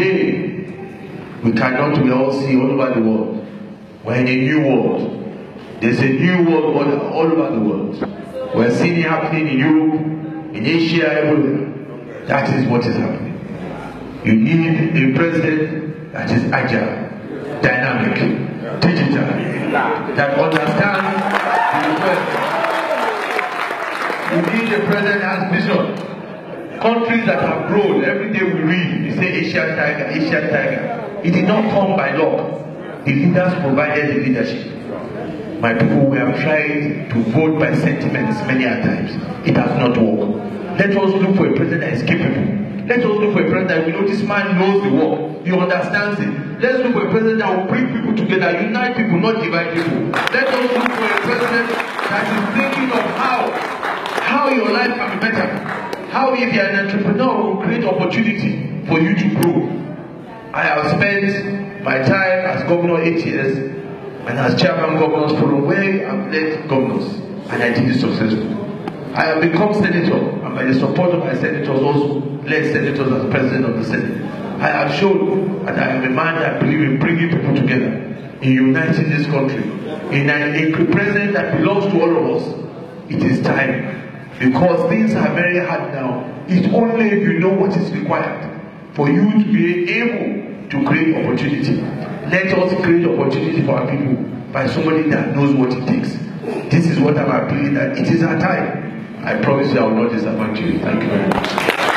Today, we cannot we all see all over the world. We're in a new world. There's a new world all over the world. We're seeing it happening in Europe, in Asia, everywhere. That is what is happening. You need a president that is agile, dynamic, digital, that understands the request. You need a president that has vision. Countries that have grown, every day we read, say Asian tiger, Asian tiger. It did not come by law. The leaders provided the leadership. My people, we have tried to vote by sentiments many a times. It has not worked. Let us look for a president that is capable. Let us look for a president that we know this man knows the war. He understands it. Let's look for a president that will bring people together, unite people, not divide people. Let us look for a president that is thinking of how, how your life can be better. How if you're an entrepreneur will create opportunity for you to grow. I have spent my time as governor eight years and as chairman governors forum where I've led governors and I did it successfully. I have become senator and by the support of my senators also led senators as president of the senate. I have shown that I am a man that believe in bringing people together, in uniting this country, in a, a president that belongs to all of us. It is time because things are very hard now. It's only if you know what is required for you to be able to create opportunity. Let us create opportunity for our people by somebody that knows what it takes. This is what I'm appealing that it is our time. I promise you I will not disappoint you. Thank you very much.